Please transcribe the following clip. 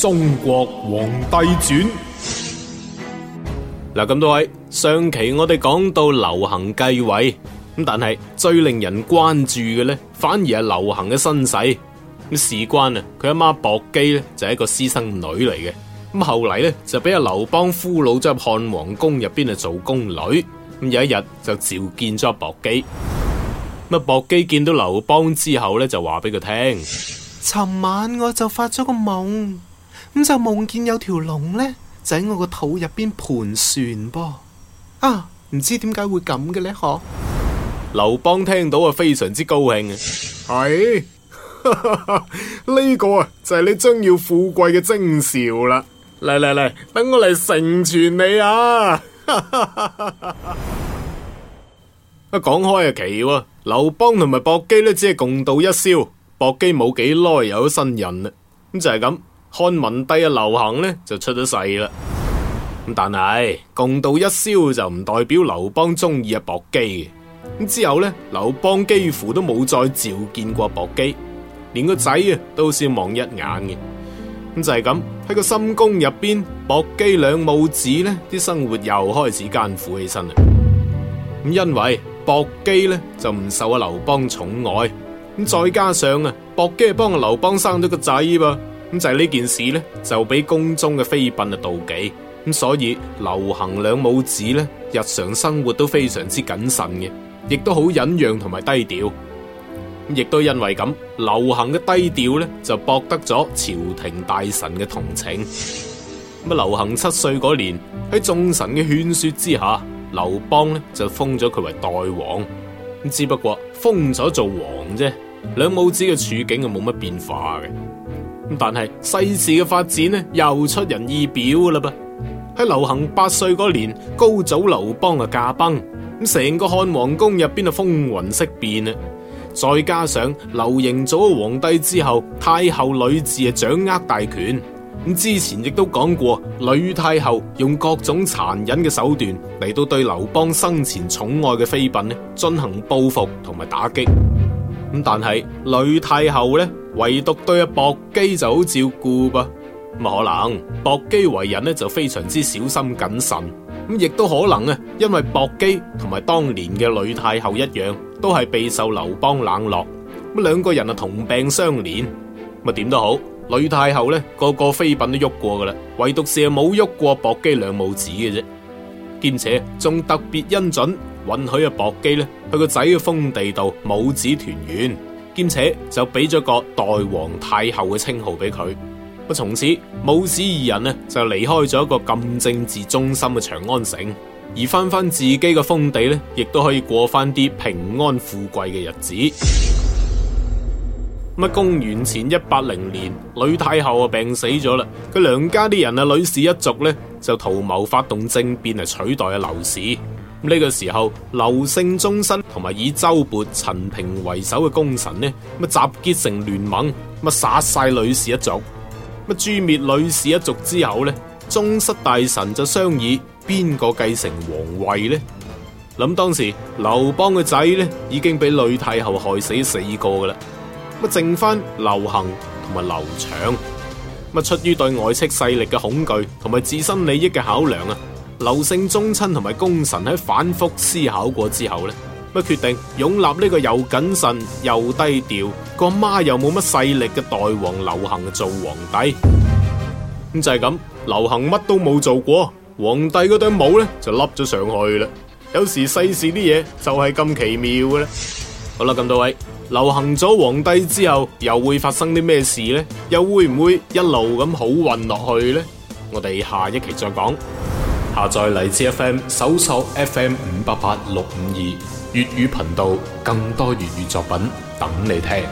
中國皇帝傳嗱，咁多位，上期我哋講到劉恆繼位咁，但係最令人關注嘅呢，反而係劉恆嘅身世咁。事關啊，佢阿媽薄姬呢，就係一個私生女嚟嘅。咁後嚟呢，就俾阿劉邦俘虜咗入漢皇宮入邊啊做宮女。咁有一日就召見咗薄姬，咁啊薄姬見到劉邦之後呢，就話俾佢聽，尋晚我就發咗個夢。咁就夢見有條龍咧，就喺我個肚入邊盤旋噃啊！唔知點解會咁嘅咧？嗬，劉邦聽到啊，非常之高興啊，係呢個啊就係你將要富貴嘅徵兆啦。嚟嚟嚟，等我嚟成全你啊！一講開啊，奇喎，劉邦同埋薄姬呢只係共度一宵，薄姬冇幾耐有咗新人啦，咁就係咁。漢文帝啊，劉恆呢，就出咗世啦。咁但係共度一宵，就唔代表劉邦中意阿薄姬嘅。咁之後呢，劉邦幾乎都冇再召見過薄姬，連個仔啊都先望一眼嘅。咁就係咁喺個深宮入邊，薄姬兩母子呢啲生活又開始艱苦起身啦。咁因為薄姬呢，就唔受阿劉邦寵愛，咁再加上啊薄姬係幫阿劉邦生咗個仔噃。咁就係呢件事呢就俾宮中嘅妃嬪啊妒忌，咁所以劉恆兩母子咧，日常生活都非常之謹慎嘅，亦都好忍讓同埋低調，亦都因為咁，劉恆嘅低調呢就博得咗朝廷大臣嘅同情。咁啊，劉恒七歲嗰年喺眾臣嘅勸說之下，劉邦呢就封咗佢為代王，只不過封咗做王啫，兩母子嘅處境就冇乜變化嘅。咁但係世事嘅發展呢，又出人意表噶啦噃！喺劉恒八歲嗰年，高祖劉邦啊駕崩，咁成個漢王宮入邊啊風雲色變啊！再加上劉盈做咗皇帝之後，太后呂雉啊掌握大權，咁之前亦都講過，呂太后用各種殘忍嘅手段嚟到對劉邦生前寵愛嘅妃嬪呢進行報復同埋打擊。咁但係呂太后呢？唯獨對阿薄姬就好照顧噃，咁可能薄姬為人呢就非常之小心謹慎，咁亦都可能呢，因為薄姬同埋當年嘅呂太后一樣，都係備受劉邦冷落，咁兩個人啊同病相憐，咁啊點都好，呂太后呢個，個個妃嬪都喐過噶啦，唯獨是冇喐過薄姬兩母子嘅啫，兼且仲特別恩准允許阿薄姬呢去個仔嘅封地度母子團圓。兼且就俾咗個代皇太后嘅稱號俾佢，咁從此母子二人呢就離開咗一個咁政治中心嘅長安城，而翻翻自己嘅封地呢，亦都可以過翻啲平安富貴嘅日子。咁公元前一八零年，呂太后啊病死咗啦，佢娘家啲人啊呂氏一族呢就圖謀發動政變嚟取代阿劉氏。呢個時候，劉姓宗室同埋以周勃、陳平為首嘅功臣呢，咁集結成聯盟，咁殺晒呂氏一族，咁啊誅滅呂氏一族之後呢，宗室大臣就商議邊個繼承皇位呢？諗當時劉邦嘅仔呢，已經俾呂太后害死了四個噶啦，咁剩翻劉恒同埋劉長，咁出於對外戚勢力嘅恐懼同埋自身利益嘅考量啊。劉姓宗親同埋功臣喺反覆思考過之後呢，乜決定擁立呢個又謹慎又低調個阿媽又冇乜勢力嘅代王劉恒做皇帝。咁、嗯、就係、是、咁，劉恒乜都冇做過，皇帝嗰頂帽呢就笠咗上去啦。有時世事啲嘢就係咁奇妙嘅咧。好啦，咁多位，劉恒做皇帝之後又會發生啲咩事呢？又會唔會一路咁好運落去呢？我哋下一期再講。下載荔枝 FM，搜索 FM 五八八六五二粵語頻道，更多粵語作品等你聽。